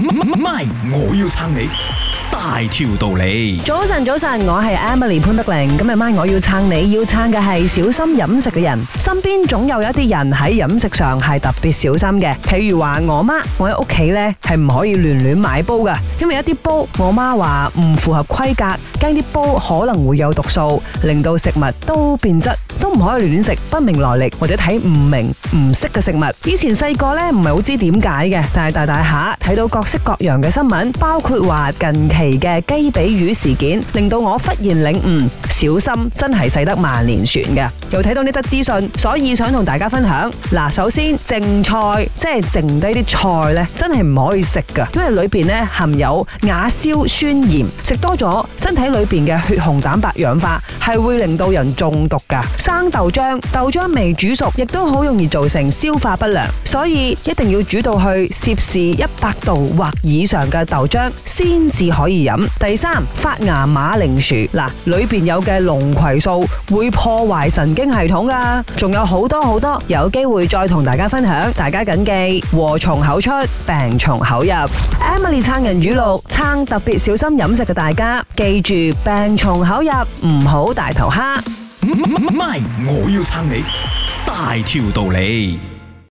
咪咪，我要撐你大條道理。早晨，早晨，我係 Emily 潘德玲。今日咪我要撐你，要撐嘅係小心飲食嘅人。身邊總有一啲人喺飲食上係特別小心嘅，譬如話我媽，我喺屋企咧係唔可以亂亂買煲噶，因為一啲煲我媽話唔符合規格。雞啲煲可能會有毒素，令到食物都變質，都唔可以亂食不明來歷或者睇唔明唔識嘅食物。以前細個呢唔係好知點解嘅，但係大大下睇到各式各樣嘅新聞，包括話近期嘅雞髀魚事件，令到我忽然領悟，小心真係駛得萬年船嘅。又睇到呢則資訊，所以想同大家分享。嗱，首先，剩菜即係剩低啲菜呢，真係唔可以食㗎，因為裏邊呢含有亞硝酸鹽，食多咗身體。裏邊嘅血紅蛋白氧化係會令到人中毒噶，生豆漿、豆漿未煮熟亦都好容易造成消化不良，所以一定要煮到去攝氏一百度或以上嘅豆漿先至可以飲。第三，發芽馬鈴薯嗱，裏邊有嘅龍葵素會破壞神經系統噶，仲有好多好多，有機會再同大家分享。大家謹記，禍從口出，病從口入。Emily 撐人語錄，撐特別小心飲食嘅大家記住。病從口入，唔好大頭蝦。唔係，我要撐你，大條道理。